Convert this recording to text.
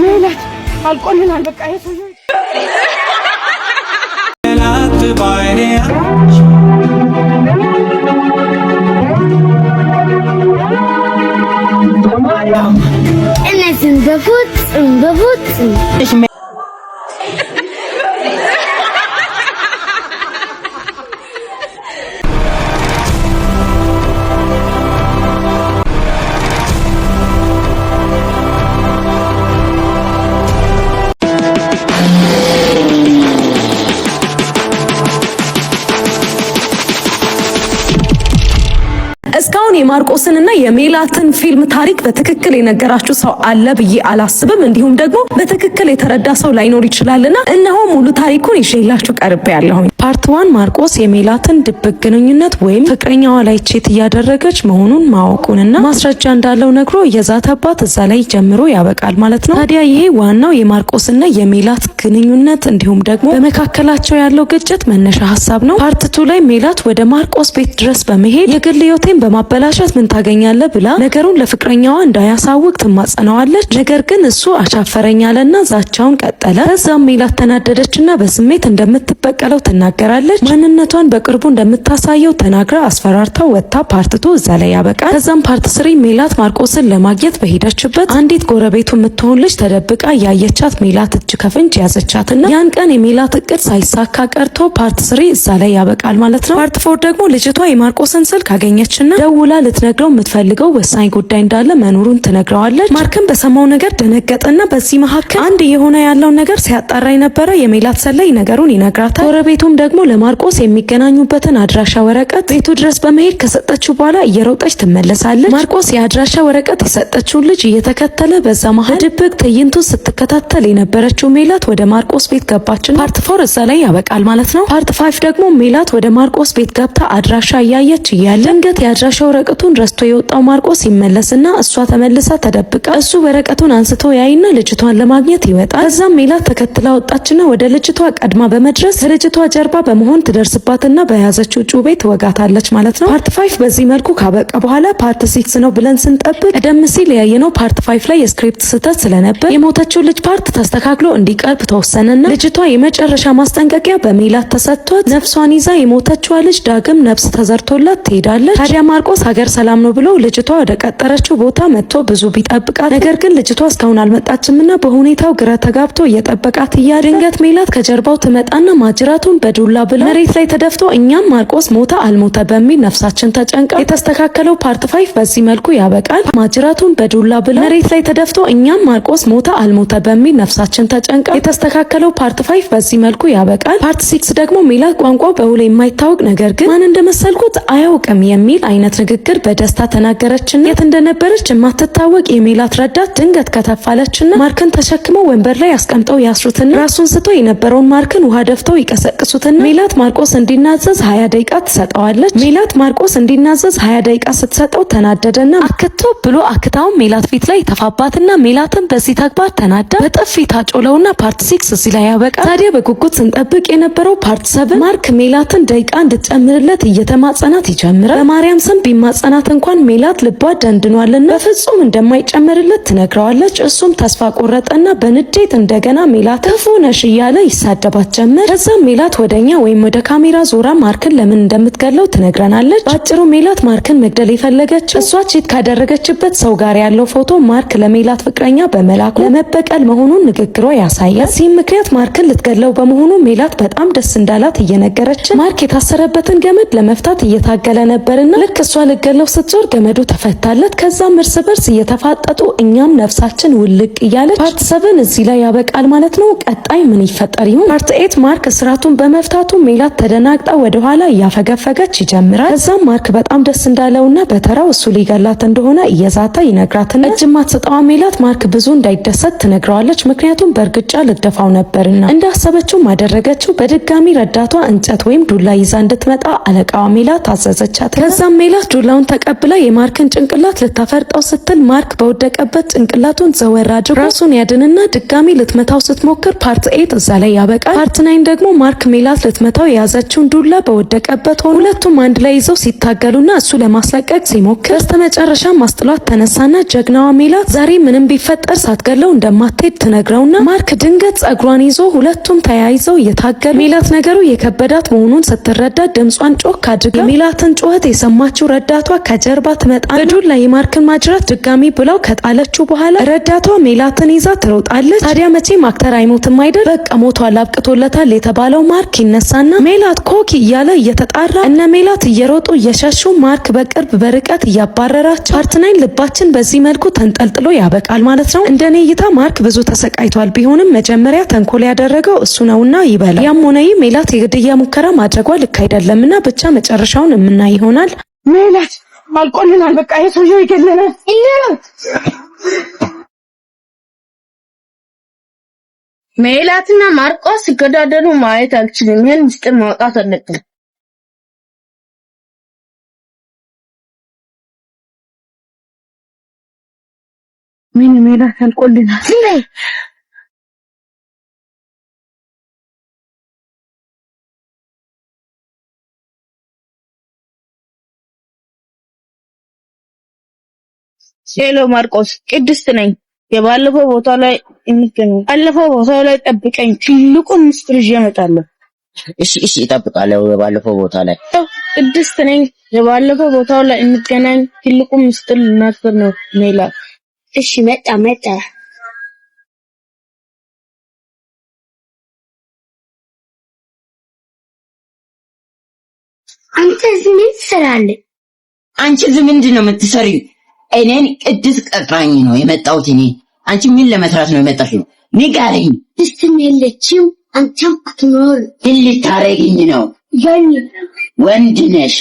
ሜላት አልቆልናል። በቃ የሰው እነዚህም በፉት በፉት እስካሁን የማርቆስንና የሜላትን ፊልም ታሪክ በትክክል የነገራችሁ ሰው አለ ብዬ አላስብም። እንዲሁም ደግሞ በትክክል የተረዳ ሰው ላይኖር ይችላልና እነሆ ሙሉ ታሪኩን ይዤላችሁ ቀርቤ ያለሁኝ። ፓርት ዋን ማርቆስ የሜላትን ድብቅ ግንኙነት ወይም ፍቅረኛዋ ላይ ቼት እያደረገች መሆኑን ማወቁንና ማስረጃ እንዳለው ነግሮ የዛተባት እዛ ላይ ጀምሮ ያበቃል ማለት ነው። ታዲያ ይሄ ዋናው የማርቆስና የሜላት ግንኙነት እንዲሁም ደግሞ በመካከላቸው ያለው ግጭት መነሻ ሀሳብ ነው። ፓርት ቱ ላይ ሜላት ወደ ማርቆስ ቤት ድረስ በመሄድ የግል ነገሮችን በማበላሸት ምን ታገኛለ ብላ ነገሩን ለፍቅረኛዋ እንዳያሳውቅ ትማጸነዋለች። ነገር ግን እሱ አሻፈረኛለና ዛቻውን ቀጠለ። ከዛም ሜላት ተናደደችና በስሜት እንደምትበቀለው ትናገራለች። ማንነቷን በቅርቡ እንደምታሳየው ተናግራ አስፈራርተው ወጥታ ፓርትቱ እዛ ላይ ያበቃል። ከዛም ፓርት ስሪ ሜላት ማርቆስን ለማግኘት በሄደችበት አንዲት ጎረቤቱ የምትሆን ልጅ ተደብቃ ያየቻት ሜላት እጅ ከፍንጅ ያዘቻትና ያን ቀን የሜላት እቅድ ሳይሳካ ቀርቶ ፓርት ስሪ እዛ ላይ ያበቃል ማለት ነው። ፓርት ፎር ደግሞ ልጅቷ የማርቆስን ስልክ አገኘችን። እና ደውላ ልትነግረው የምትፈልገው ወሳኝ ጉዳይ እንዳለ መኖሩን ትነግረዋለች። ማርክም በሰማው ነገር ደነገጠና በዚህ መካከል አንድ የሆነ ያለውን ነገር ሲያጣራ የነበረ የሜላት ሰላይ ነገሩን ይነግራታል። ጎረቤቱም ደግሞ ለማርቆስ የሚገናኙበትን አድራሻ ወረቀት ቤቱ ድረስ በመሄድ ከሰጠችው በኋላ እየሮጠች ትመለሳለች። ማርቆስ የአድራሻ ወረቀት የሰጠችውን ልጅ እየተከተለ በዛ መሀል ድብቅ ትዕይንቱን ስትከታተል የነበረችው ሜላት ወደ ማርቆስ ቤት ገባችን። ፓርት ፎር እዛ ላይ ያበቃል ማለት ነው። ፓርት ፋይቭ ደግሞ ሜላት ወደ ማርቆስ ቤት ገብታ አድራሻ እያየች እያለ ድንገት የመድረሻው ወረቀቱን ረስቶ የወጣው ማርቆስ ይመለስና እሷ ተመልሳ ተደብቃ እሱ ወረቀቱን አንስቶ ያይና ልጅቷን ለማግኘት ይወጣል። ከዛም ሜላት ተከትላ ወጣችና ወደ ልጅቷ ቀድማ በመድረስ ከልጅቷ ጀርባ በመሆን ትደርስባትና በያዘችው ጩቤ ትወጋታለች ማለት ነው። ፓርት ፋይቭ በዚህ መልኩ ካበቃ በኋላ ፓርት ሲክስ ነው ብለን ስንጠብቅ ቀደም ሲል ያየነው ፓርት ፋይፍ ላይ የስክሪፕት ስህተት ስለነበር የሞተችው ልጅ ፓርት ተስተካክሎ እንዲቀርብ ተወሰነና ልጅቷ የመጨረሻ ማስጠንቀቂያ በሜላት ተሰጥቷት ነፍሷን ይዛ የሞተችዋ ልጅ ዳግም ነፍስ ተዘርቶላት ትሄዳለች። ታዲያ ማርቆስ ሀገር ሰላም ነው ብሎ ልጅቷ ወደ ቀጠረችው ቦታ መጥቶ ብዙ ቢጠብቃት፣ ነገር ግን ልጅቷ እስካሁን አልመጣችምና በሁኔታው ግራ ተጋብቶ እየጠበቃት እያ ድንገት ሜላት ከጀርባው ትመጣና ማጅራቱን በዱላ ብላ መሬት ላይ ተደፍቶ እኛም ማርቆስ ሞተ አልሞተ በሚል ነፍሳችን ተጨንቃ የተስተካከለው ፓርት ፋይፍ በዚህ መልኩ ያበቃል። ማጅራቱን በዱላ ብላ መሬት ላይ ተደፍቶ እኛም ማርቆስ ሞተ አልሞተ በሚል ነፍሳችን ተጨንቃ የተስተካከለው ፓርት ፋይፍ በዚህ መልኩ ያበቃል። ፓርት ሲክስ ደግሞ ሜላት ቋንቋ በውል የማይታወቅ ነገር ግን ማን እንደመሰልኩት አያውቅም የሚል አይነት ንግግር በደስታ ተናገረችና የት እንደነበረች የማትታወቅ የሜላት ረዳት ድንገት ከተፋለችና ማርክን ተሸክመው ወንበር ላይ አስቀምጠው ያስሩትና ራሱን ስቶ የነበረውን ማርክን ውሃ ደፍተው ይቀሰቅሱትና ሜላት ማርቆስ እንዲናዘዝ ሀያ ደቂቃ ትሰጠዋለች። ሜላት ማርቆስ እንዲናዘዝ ሀያ ደቂቃ ስትሰጠው ተናደደና አክቶ ብሎ አክታውን ሜላት ፊት ላይ ተፋባትና ሜላትን በዚህ ተግባር ተናዳ በጥፊ ታጮለውና ፓርት ሲክስ እዚህ ላይ ያበቃል። ታዲያ በጉጉት ስንጠብቅ የነበረው ፓርት ሰብን ማርክ ሜላትን ደቂቃ እንድትጨምርለት እየተማጸናት ይጀምራል። በማርያም ስም ቢማጸናት እንኳን ሜላት ልቧ ደንድኗልና በፍጹም እንደማይጨምርለት ትነግረዋለች። እሱም ተስፋ ቆረጠና በንዴት እንደገና ሜላት ክፉ ነሽ እያለ ይሳደባት ጀመር። ከዛም ሜላት ወደኛ ወይም ወደ ካሜራ ዞራ ማርክን ለምን እንደምትገለው ትነግረናለች። በአጭሩ ሜላት ማርክን መግደል የፈለገችው እሷ ቺት ካደረገችበት ሰው ጋር ያለው ፎቶ ማርክ ለሜላት ፍቅረኛ በመላኩ ለመበቀል መሆኑን ንግግሯ ያሳያል። በዚህም ምክንያት ማርክን ልትገለው በመሆኑ ሜላት በጣም ደስ እንዳላት እየነገረችን ማርክ የታሰረበትን ገመድ ለመፍታት እየታገለ ነበርና ልክ እሷ ልገለው ስትዞር ገመዱ ተፈታለት። ከዛም እርስ በርስ እየተፋጠጡ እኛም ነፍሳችን ውልቅ እያለች ፓርት ሰቨን እዚህ ላይ ያበቃል ማለት ነው። ቀጣይ ምን ይፈጠር ይሆን? ፓርት ኤት ማርክ እስራቱን በመፍታቱ ሜላት ተደናግጣ ወደኋላ እያፈገፈገች ይጀምራል። ከዛም ማርክ በጣም ደስ እንዳለውና በተራው እሱ ሊገላት እንደሆነ እየዛታ ይነግራትና እጅ ማትሰጠዋ ሜላት ማርክ ብዙ እንዳይደሰት ትነግረዋለች። ምክንያቱም በእርግጫ ልደፋው ነበርና እንዳሰበችው አደረገችው። በድጋሚ ረዳቷ እንጨት ወይም ዱላ ይዛ እንድትመጣ አለቃዋ ሜላት አዘዘቻት። ከዛም ሜላት ዱላውን ተቀብላ የማርክን ጭንቅላት ልታፈርጠው ስትል ማርክ በወደቀበት ጭንቅላቱን ዘወር አድርጎ ራሱን ያድንና ድጋሚ ልትመታው ስትሞክር ፓርት ኤት እዛ ላይ ያበቃል። ፓርት ናይን ደግሞ ማርክ ሜላት ልትመታው የያዘችውን ዱላ በወደቀበት ሆኖ ሁለቱም አንድ ላይ ይዘው ሲታገሉና እሱ ለማስለቀቅ ሲሞክር በስተመጨረሻ ማስጥሏት ተነሳና ጀግናዋ ሜላት ዛሬ ምንም ቢፈጠር ሳትገለው እንደማትሄድ ትነግረውና ማርክ ድንገት ጸጉሯን ይዞ ሁለቱም ተያይዘው እየታገሉ ሜላት ነገሩ የከበዳት መሆኑን ስትረዳ ድምጿን ጮክ አድርጋ ሜላትን ጩኸት የሰማ የቆመችው ረዳቷ ከጀርባ ትመጣ በዱላ የማርክን ማጅራት ድጋሚ ብለው ከጣለችው በኋላ ረዳቷ ሜላትን ይዛ ትሮጣለች። ታዲያ መቼም አክተር አይሞትም አይደል? በቃ ሞቷል፣ አብቅቶለታል የተባለው ማርክ ይነሳና ሜላት ኮኪ እያለ እየተጣራ እነ ሜላት እየሮጡ እየሸሹ ማርክ በቅርብ በርቀት እያባረራቸው ፓርት ልባችን በዚህ መልኩ ተንጠልጥሎ ያበቃል ማለት ነው። እንደኔ እይታ ማርክ ብዙ ተሰቃይቷል። ቢሆንም መጀመሪያ ተንኮል ያደረገው እሱ ነውና ይበላል። ያም ሆነ ይህ ሜላት የግድያ ሙከራ ማድረጓ ልክ አይደለምና ብቻ መጨረሻውን የምናይ ይሆናል። ሜላት አልቆልናል። በቃ የሰውየው ይገለናል። ሜላትና ማርቆስ ሲገዳደሉ ማየት አልችልም። ይህን ምስጢር ማውጣት አለብን። ምን ሜላት አልቆልናል። ሴሎ ማርቆስ ቅድስት ነኝ። የባለፈው ቦታ ላይ እንገኝ። ባለፈው ቦታ ላይ ጠብቀኝ፣ ትልቁን ምስጢር ይዤ እመጣለሁ። እሺ፣ እሺ፣ እጠብቃለሁ። የባለፈው ቦታ ላይ ቅድስት ነኝ። የባለፈው ቦታ ላይ እንገናኝ፣ ትልቁ ምስጢር ልናገር ነው ሜላ። እሺ፣ መጣ መጣ። አንተ እዚህ ምን ትሰራለህ? አንቺ እዚህ ምንድን ነው የምትሰሪው? እኔን ቅድስ ቀጥራኝ ነው የመጣሁት። እኔ አንቺ ምን ለመስራት ነው የመጣሽው? ንገሪኝ። እስትም የለችም አንቺም አትኖር። ምን ልታረግኝ ነው? ወንድ ነሽ።